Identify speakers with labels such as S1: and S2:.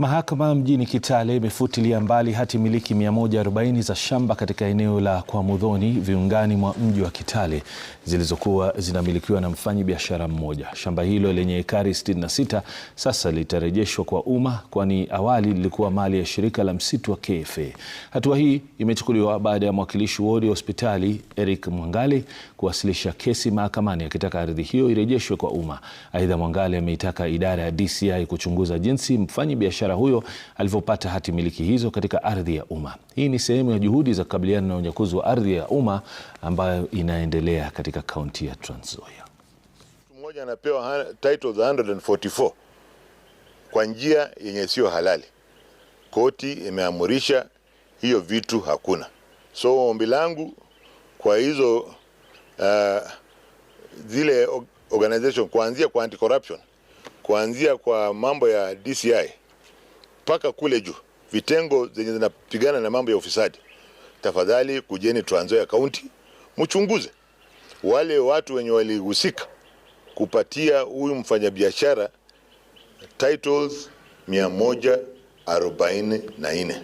S1: Mahakama mjini Kitale imefutilia mbali hati miliki 140 za shamba katika eneo la Kwamudhoni viungani mwa mji wa Kitale zilizokuwa zinamilikiwa na mfanyi biashara mmoja. Shamba hilo lenye ekari 66 sasa litarejeshwa kwa umma kwani awali lilikuwa mali ya shirika la msitu wa KFA. Hatua hii imechukuliwa baada ya mwakilishi wodi ya hospitali Eric Mwangale kuwasilisha kesi mahakamani akitaka ardhi hiyo irejeshwe kwa umma. Aidha, Mwangale ameitaka idara ya DCI kuchunguza jinsi mfanyi biashara biashara huyo alivyopata hati miliki hizo katika ardhi ya umma. Hii ni sehemu ya juhudi za kukabiliana na unyakuzi wa ardhi ya umma ambayo inaendelea katika kaunti ya Trans Nzoia.
S2: Mtu mmoja anapewa title za 144 kwa njia yenye siyo halali. Koti imeamurisha hiyo vitu hakuna. So ombi langu kwa hizo uh, zile organization kuanzia kwa anti corruption, kuanzia kwa mambo ya DCI mpaka kule juu, vitengo zenye zinapigana na mambo ya ufisadi, tafadhali kujeni Trans ya kaunti mchunguze wale watu wenye walihusika kupatia huyu mfanyabiashara titles 144.